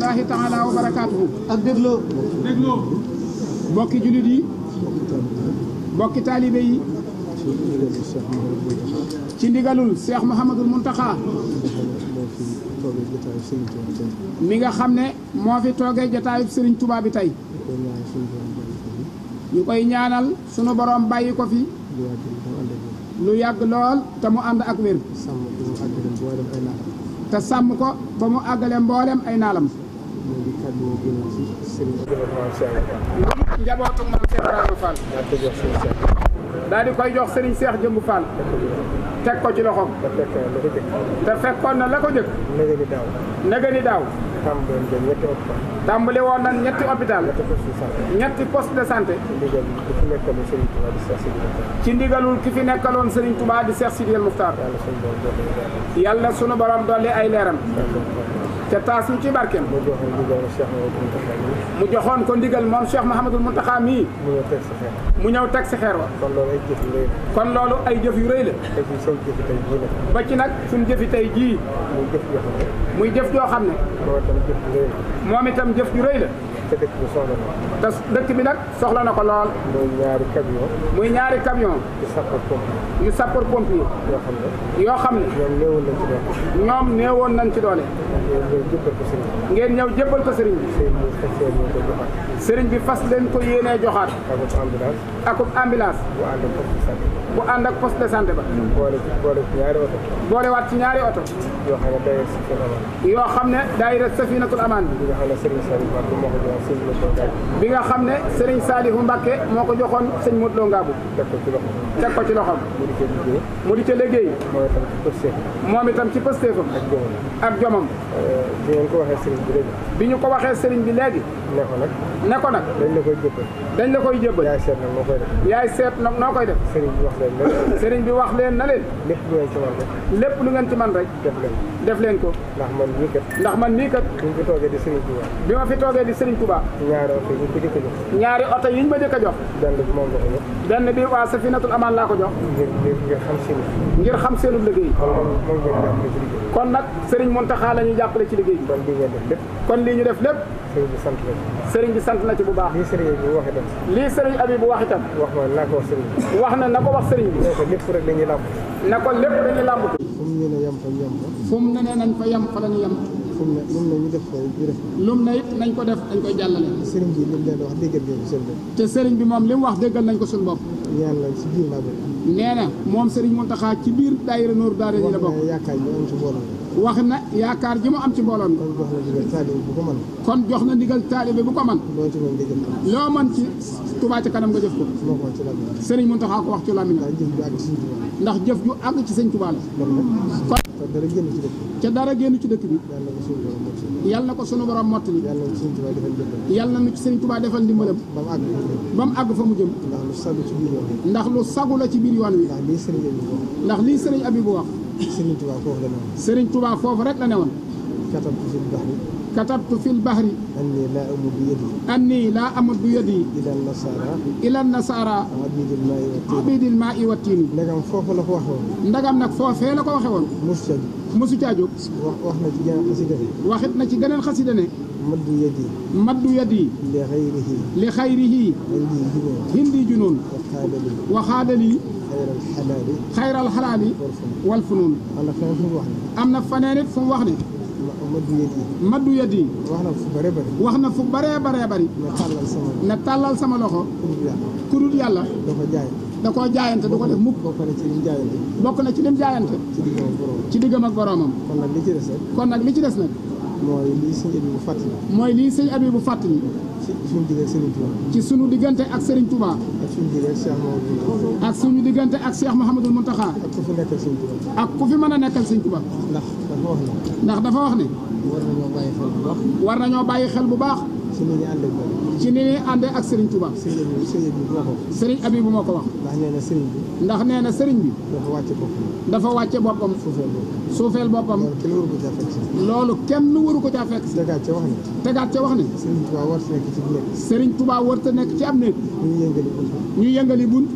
rahmatullahi taala ak dégloo dégloo mbokki jullit yi mbokki taalibe yi ci ndigalul Cheikh Mouhamadul Mountakha mi nga xam ne moo fi toogee jataayub Serigne Touba bi tey ñu koy ñaanal sunu borom bàyyi ko fi lu yàgg lool te mu ànd ak wér te sàmm ko ba mu àggale mboolem ay naalam ci kàddu yi jëlee ci sëriñ bi. lii daal di koy jox sëriñ seex Jëmb Fall. teg ko ci loxoom. te fekkoon na la ko jëkk. nega ni daaw. nega woon ñetti hôpital. tàmbali woon nañ ñetti hôpital. ñetti poste de santé. ci ndigalul ki fi nekkaloon Serigne Touba di Cheikh Sidy Mokhtar. yàlla sunu borom dolli ay leeram. te taas ñu ci barkeem. mu joxoon ndigal moom Cheikh Mouhamadul Mountakha mii. mu joxoon ko ndigal moom Cheikh Mouhamadul Mountakha mii. mu ñëw teg si xeer. mu ñëw teg si xeer wa. kon loolu ay jëf yu rëy la. kon loolu ay jëf yu rëy la. ba ci seen jëfi tey jii nag. ba ci nag suñu jëfi tey jii. muy jëf joo xam ne. muy jëf joo xam ne. moom itam jëf ju rëy la. moom itam jëf ju rëy la. te dëkk bi soxla na te dëkk bi nag soxla na ko lool muy ñaari camion muy ñaari camion yu sapeur pompier yu sapeur pompier yoo xam ne yoo xam ne ñoom néewoon nañ ci doole ngeen ñëw jébbal ko sëriñ bi sëriñ bi fas leen ko yéenee joxaat ak ambulance bu ànd ak poste de santé ba boolewaat ci ñaari oto yoo xam ne daayira Safinatul Amaan bi bi nga xam ne Serigne Saliou Mbacké moo ko joxoon sëñ Modou Lo Ngabou teg ko ci loxoom mu di ca liggéey moom itam ci pëstéefam ak jomam bi ñu ko waxee sëriñ bi léegi bi ñu ko waxee sëriñ bi léegi ne ko nag. dañ la koy jëbbal. dañ la koy jëbbal. yaay seet nag noo koy def. yaay seet nag koy def. sëriñ bi wax leen na. wax leen na lépp lu ngeen ci man rek. lépp def leen ko def leen ko. ndax man mii ndax man mii kat. bi ma fi toogee di sëriñ Touba. bi ma fi toogee di sëriñ Touba. ñaari oto yi ñu a ma jëkk a jox. benn bi benn bi waa Safinatul Amaan laa ko jox. ngir ngir xam seen ngir xam seenu liggéey. kon nag sëriñ Muntaxa la ñu jàppale ci liggéey bi. kon lii ñu def lépp sëriñ bi sant na ci. sëriñ bi bu baax. lii sëriñ bi wax itam. lii sëriñ abi bu wax wax na naa ko wax sëriñ bi. wax na na ko wax sëriñ bi. nee ko lépp rek na ko fa ñu fa. fu ne nañ fa yem fa la ñu yem. ne lu mu def ko ñu def ko. lu mu ko koy jàllale. sëriñ bi li mu leen wax déggal ngeen ko seen bopp. te sëriñ li mu wax déggal nañ ko suñu bopp yàlla si biir Mbacké. nee na moom Serigne Mountakha ci biir daayira Nour Daara la bokk. wax na yaakaar ji mu am ci mbooloo mi. kon jox na ndigal taalibe bu ko man loo man ci Touba ca kanam nga jëf ko. Serigne Mountakha ko wax ci làmmiñ ndax jëf ju àgg ci sëñ Touba la. kon. dara génn ci dëkk bi. yal na ko sunu borom mottali. yal na nu ci sëñ Tuubaa defal ndimbalam. ba mu àgg fa mu jëm. ndax lu sagu la ci biir yoon wi. ndax lii sëriñ Abibu wax. sëriñ Tuubaa foofu la newoon. sëriñ Tuubaa foofu rek la newoon. katam ci suñu dox كتبت في البحر أني لا أمر بيدي أني لا أمر بيدي إلى النصارى إلى النصارى عبيد الماء والتين عبيد الماء والتين ndagam نعم، فوق لك ko waxoon نك فوق foofee la ko waxe woon mosu caa jóg وحنا caa jóg wax مد يدي مد يدي لغيره لخيره هندي جنون هندي جنون وقال لي خير الحلال خير الحلال والفنون أنا فنان فنوحني وحني أنا فنان فم maddu yadi. maddu yadi. wax na fu bëree wax na fu bëree bari bëri. na tàllal sama loxo. na tàllal sama loxo. kudul yàlla. da ko jaay. da koo jaayante du ko def mukk. bokk na ci lim jaayante. bokk na ci lim jaayante. ci diggam ak boroomam. ci diggam ak boroomam. kon nag li ci des nag. kon nag li ci des nag. mooy lii sëñ abi bu fàttali. mooy lii sëñ abi bu fàttali. ci sunu diggante ak ci sunu diggante ak Serigne Touba. suñu diggante ak Cheikh Mouhamadou Mountakha. ak suñu diggante ak Cheikh Mouhamadou Mountakha. ak ku fi nekkal Sëñ Tuubaa. ak ku fi mën a nekkal Sëñ Tuubaa. ndax dafa wax ne. ndax dafa wax ne. war nañoo bàyyi xel bu baax. war nañoo bàyyi xel bu baax. ci ni ñuy àndee ak ci ni ñuy àndee ak Serigne Touba. Serigne bi Serigne bi moo ko Abi bu moo ko wax. ndax nee na Serigne bi. ndax nee na Serigne bi. dafa wàcce boppam. dafa wàcce boppam. suufeel boppam. suufeel boppam. loolu kenn waru ko caa fekk. tegaat ca wax ne. tegaat ca wax ne. Serigne Touba war nekk ci bu nekk. Serigne Touba war nekk ci am néeg. ñu yëngali bunt. ñu yëngali bunt.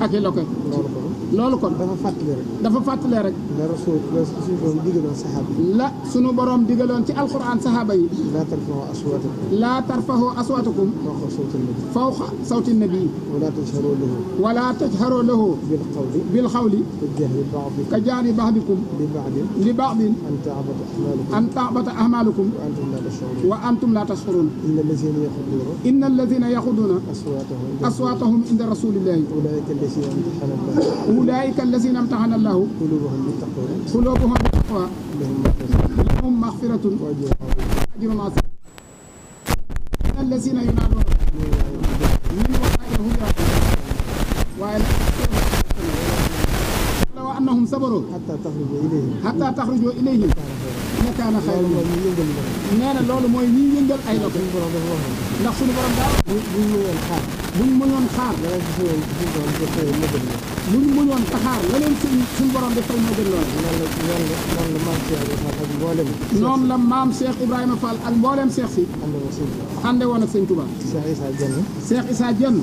ak i loxo ak i loolu kon dafa fàttali rek. dafa fàttali rek. la rasul la suñu borom digaloon saxaaba yi. la suñu borom digaloon ci alxuraan saxaaba yi. laa tarfaxu aswaatakum. laa tarfaxu aswaatakum. fawqa sawti nabi. fawqa sawti nabi. wala tajharu lahu. wala tajharu lahu. bil qawli. bil qawli. ka jahri ba'dikum. li ba'din. li ba'din. an ta'bata ahmaalukum. an ta'bata ahmaalukum. wa antum laa tash'uruun. inna allaziina yaxuduuna. inna allaziina yaxuduuna. aswaatahum inda rasulillahi. أولئك الذين امتحن الله قلوبهم بالتقوى لهم مغفرة وأجر عظيم الذين ينالون من ورائهم ولو أنهم صبروا حتى تخرجوا إليهم حتى تخرجوا إليهم لكان خيرا لهم nee na موي mooy ñiy yëngal ay loxo ndax buñ mënoon xaar la leen si suñu borom defal ma la suñ suñu borom defal ma gën lool. noonu la maam Cheikh Ibrahima Fall ak mboolem Cheikh si. ànde woon ak sëñ Touba. Cheikh Issa Dieng. Cheikh Issa Dieng.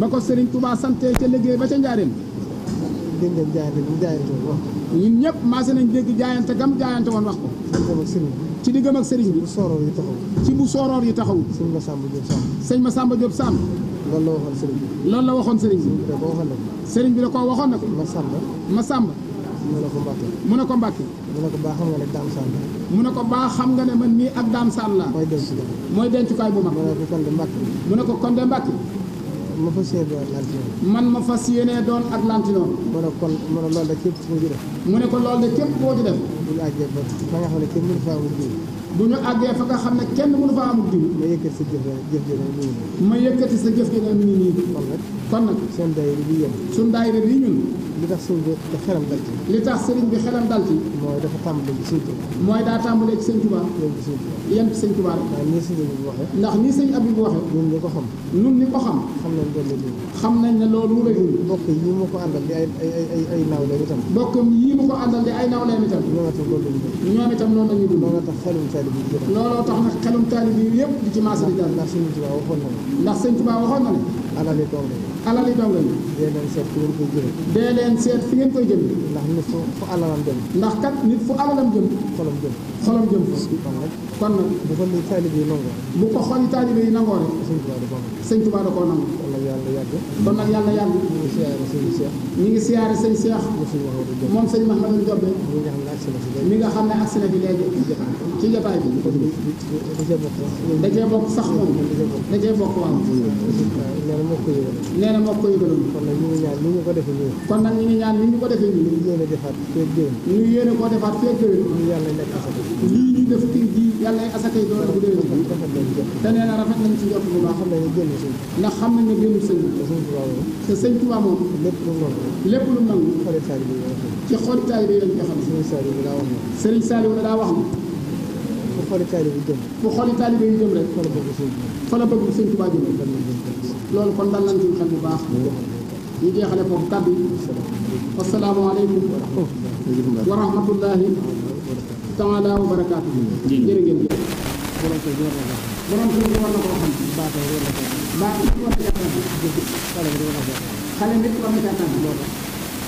ba ko Serigne Touba sant liggéey ca ko Serigne Touba santee ca liggéey ba ca Njaareem. dégg ngeen jaayante bi mu jaayante woon ñëpp maase nañ dégg jaayante gam jaayante woon wax ko. ci diggam ak sëriñ bi. bu sooroor yi taxaw. ci bu sooroor yi taxaw. sëñ Massamba Diop Samb. sëñ Massamba Diop Samb. loolu la waxoon sëriñ bi. loolu la waxoon sëriñ bi. sëriñ bi da koo waxoon na ko. Massamba. Massamba. mu ne ko Mbacke. mu ne ko Mbacke. mu ne ko baa xam nga ne Dame Sall mu ne ko baa xam nga ne man nii ak Dame Sall la. mooy dencukaay. mooy dencukaay bu mag. mu ne ko kon de ma fas yéene doon lantinoon. man ma fas yéene doon ak lantinoon. mu ne kon mu ne lool de képp koo def. mu ne ko loolu de képp koo ci def. bu ñu àggee ba fa nga xam ne kenn mënu faa amul àggee fa nga xam ne kenn mënu faa amul jiw. ma yëkkati sa jëf jëf jëf ma yëkkati sa jëf jëf mu ngi nii. ma nag kon nag. seen daayira bi yéen. suñ daayira bi ñun. li tax sëriñ bi xelam dal ci. bi xelam dal mooy dafa tàmbalee ci sëñ Tuubaa. mooy daa tàmbalee ci sëñ Tuubaa. yem ci sëñ Tuubaa rek. ndax nii sëñ bi waxee. ndax nii sëñ Abib waxee. ñun ñi ko xam. ñun ñi ko la ne loolu la ñu. mbokk yi mu ko àndal di ay ay ay naaw la itam. mbokk yi mu tax xelum taalib yëpp. ndax sëñ Tuubaa waxoon na ne. alali doom lañu. alali doom lañu. dee leen seet fi ngeen koy jëlee. dee leen seet fi ngeen koy jëlee. ndax nit fu fu alalam jëm. ndax kat nit fu alalam jëm. xolam jëm. xolam jëm fa. kon nag. bu fa ko li taalibe yi nangoo. bu ko xoli taalibe yi nangoo rek. sëñ Tuubaa da koo nangu. yàlla yàgg kon nag yàlla yàgg ñu ngi siyaare sëñ Cheikh ñu ngi siyaare sëñ Cheikh moom sëñ Mahamadou Diop mi nga xam ne agsi na fi léegi ci jotaay bi da cee bokk sax moom da cee bokk waaw nee na moo ko yëgaloon nee na moo ko yëgaloon kon nag ñu ngi ñaan ni ñu ko defee ñun kon nag ñu ngi ñaan ni ñu ko defee ñun ñu yéene defaat feeg déwén ñu yéene koo defaat feeg déwén yàlla nekk asaka lii ñu def kii ji yàlla asaka yi doon bu déwén te nee na rafet nañ ci jot bu baax ndax xam nañ ne mbirum sëñ bi. sëñ Tuubaa moom. lépp lu mu nangu. lépp lu mu nangu. ci xol taalibe bi nga xam ne. Serigne Saliou daa wax ne. fu xoli taalibe yi jëm. fu xoli taalibe yi jëm rek. fa la bëgg sëñ Tuubaa jëm loolu kon dal nañ ci xel bu baax. ñu jeexale foofu kàddu yi. asalaamaaleykum. wa rahmatullahi taala wa barakaatu. jërë ngeen jëf. borom kër gi war na koo xam. baaxee war na koo xam. baaxee xale bi war na koo xam. moo tax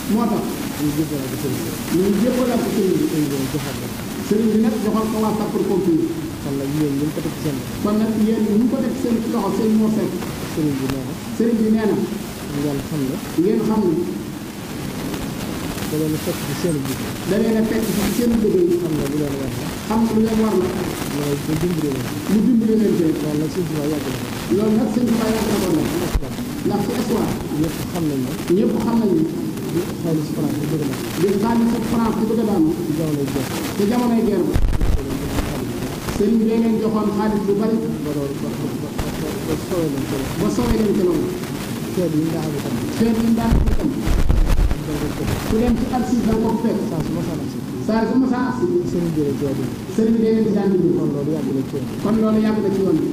moo tax. ñu jébbal ak sëriñ bi. ñu jébbal ak sëriñ bi. sëriñ bi joxaat la. sëriñ bi nag joxal ko waa Sapeur Pompier. kon nag yéen ñu ko teg seen kon nag yéen ñu ko teg seen loxo seen moo fekk. sëriñ bi nee na. sëriñ bi nee na. ngeen xam ne. da a fekk ci seen liggéey. da leen a fekk ci seen liggéey. lu leen war la. xam nga lu leen war la. loolu mu dimbali leen. mu dimbali leen tey. loolu na. loolu nag sëñ xam nañ la. ñëpp xam nañ ni. di xaalis France a daanu. di xaalis bi bari. ba loolu leen ci loolu. yi ñu daan am itam. xeet yi ñu daan am itam. ku leen ci archive moom fekk. saa su ma saa la si. saa su ma saa si. sëriñ bi rek jooju. sëriñ bi day leen si daan dindi. kon loolu yàgg na ci yoon bi. kon loolu yàgg na ci yoon bi.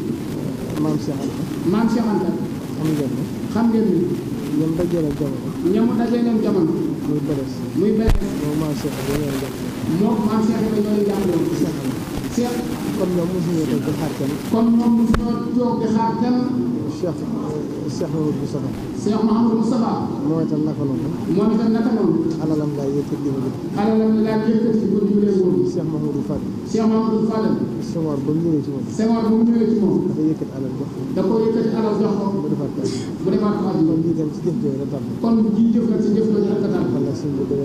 maam Cheikh Anta. maam Cheikh Anta. xam ngeen ni. xam ngeen ni. ñoom dajee leen jamono. ñoom dajee leen jamono. muy beres. muy beres. moom maam Cheikh bi ñoo leen jàppale. moom maam Cheikh bi ñoo leen jàppale. Cheikh Cheikh. kon ñoom mosu ñoo toog di xaar kenn. kon ñoom mosu ñoo toog di xaar kenn. الشيخ الشيخ محمود مصطفى الشيخ محمود مصطفى مويت الله كلهم مويت الله كلهم انا لم لا يكد لي انا لم لا يكد لي كل لي الشيخ محمود الفاضل الشيخ محمود الفاضل سوار بمنيو تيمو سوار بمنيو تيمو دا يكد على الجحر دا كو يكد على الجحر بري فاتا بري فاتا كون دي ديم سي ديم دي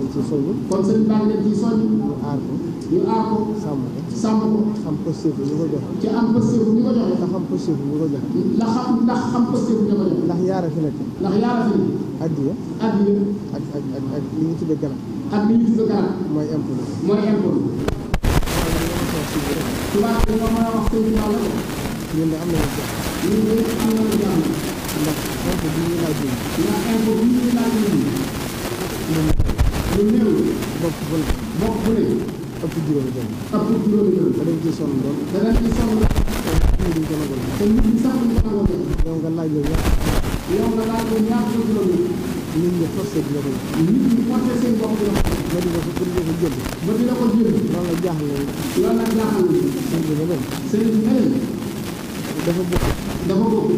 leen ci soññu. kon sëñ bi leen ci soññu. ñu aar ko. ñu aar ko. sàmm ko sàmm ko. xam posté bu ñu ko joxe. ci am posté bu ñu ko joxe. ndax xam posté bu ñu ko joxe. ndax xam ndax xam posté bu ñu ko joxe. ndax yaara fi nekk. ndax yaara fi nekk. addiya. addiya. ak ak ak ak li ñu tuddee garab. ak li ñu tuddee garab. mooy impôt. mooy impôt. tubaab bi nga mën a wax sëñ bi wàll. ñun de am nañu jàpp. ñun de am nañu jàpp. ndax impôt bi ñu laaj bi. ndax impôt bi ñu laaj bi. lu néew bopp bu ne bopp bu ne ëpp juróomi dërëm ëpp juróomi dërëm danañ ci sonn lool danañ ci sonn lool te nit ñi gën a bon te nit ñi sax ñu gën a bon yow nga laaj loolu ñaar yow nga laaj loolu ñaar sa juróomi nit ñi forcé bi la ko nit ñi forcé seen bopp bi la ko ba dina ko pour dina ko jënd ba dina ko jënd loolu la jaaxle loolu la jaaxle sëñ bi nga sëñ bi nga dafa bokk dafa bokk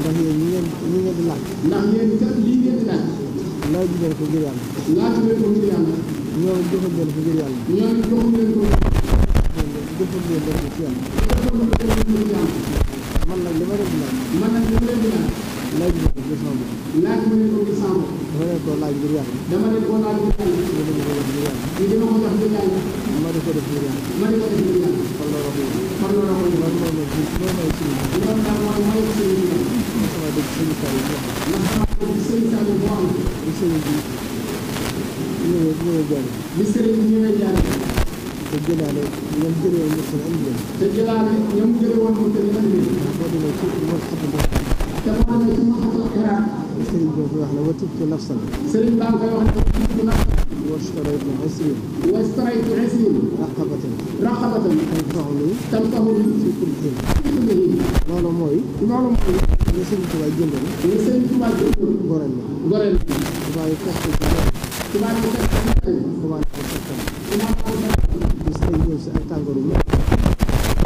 ndax yéen ñi ngeen ñi ngeen di laaj ndax yéen kat lii laaj leen ko ngir yàlla. laaj leen ko ngir yàlla. ñoom joxuñ leen ko ngir yàlla. ñoom joxuñ leen ko. jëfal leen rek ci yàlla. man nag li ma leen di laaj. man nag li ma leen di laaj. laaj leen ko ngir sama laaj ma leen ko ngir sama dama leen ko laaj ngir yàlla. dama leen ko laaj ngir yàlla. ñu dina ko jox ngir yàlla. ma di ko def ngir yàlla. ma di ko def ngir yàlla. kon loolu mooy. kon loolu mooy. loolu mooy loolu mooy suñu. loolu daal mooy mooy suñu yàlla. ndax sama dëgg sëñ Saliou boo xam. ndax sama dëgg sëñ Saliou boo xam. bi sëriñ bi ñëwee ñëwee jaaree. bi sëriñ bi ñëwee jaaree. te jëlaale ñoom jëlee woon mos a am leen. te jëlaale ñoom jëlee woon mos a am leen. boo demee ci mos a am leen. te boo demee ci mos a am leen. sëriñ bi koy wax ne wa tibtu nafsan sëriñ baa koy wax ne wa tibtu nafsan واشتريت عسير واشتريت عسير رقبة رقبة تنفعني تنفعني في كل حين في كل حين loolu mooy loolu mooy li sëriñ Tuubaa jëndoon li sëriñ Tuubaa jëndoon gorel la gorel la Tuubaa yi tax ci Tuubaa yi tax ci Tuubaa yi tax ci Tuubaa yi tax ci gis ay ñëw si ak tàngooru mu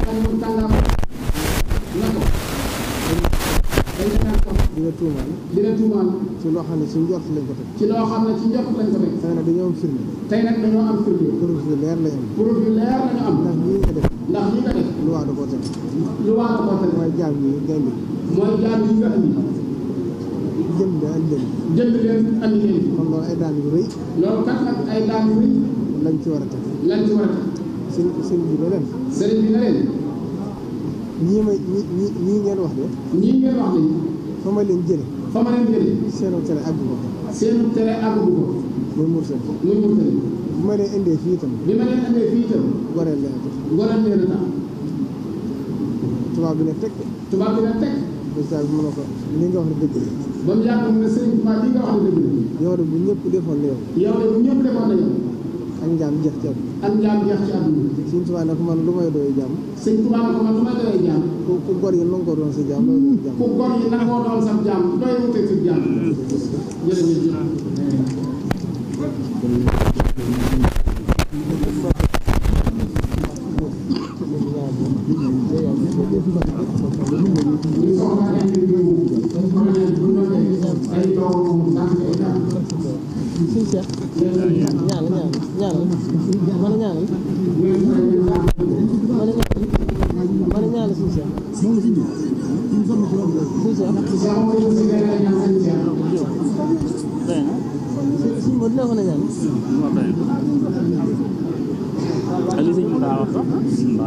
tàngooru tàngooru na ko dina tuumaal dina tuumaal ci loo xam ne ci njort lañ ko teg ci loo xam ne ci njort lañ ko teg tey nag dañoo am firnde tey nag dañoo am firnde preuve yu leer lañ am preuve yu leer lañu am ndax ñii nga def ndax ñii nga def lu waa da koo teg lu waa da koo teg mooy jaam yi ngay mi mooy jaam yi nga indi jënd leen leen jënd leen andi leen kon loolu ay daan yu rëy loolu kat nag ay daan yu rëy lañ ci war a teg lañ ci war a teg sëriñ sëriñ bi ne leen sëriñ bi ne leen ñii may ñii ñii ngeen wax de ñii ngeen wax de fa ma leen jëlee. fa ma leen jëlee. seenu tere àggu ko. seenu tere àggu ko. muy mursal. muy mursal. bu ma leen indee fii itam. bi ma leen indee fii itam. goreel leen tax. goreel leen tax. tubaab bi ne teg. tubaab bi ne teg. président bi mën na ko li nga wax ne dëgg bi ba mu yàgg mu ne Serigne Touba li nga wax ñëpp defoon na yow. yow de bu ñëpp defoon na yow. ak njaam jeex ci àdduna ak njaam jeex ci àdduna sëñ Tuubaa ne ko man lu may doy jàmm sëñ Tuubaa ne man lu may doy jàmm ku gor yi nangoo doon doon sa jàmm doy wute sa jàmm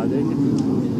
Alle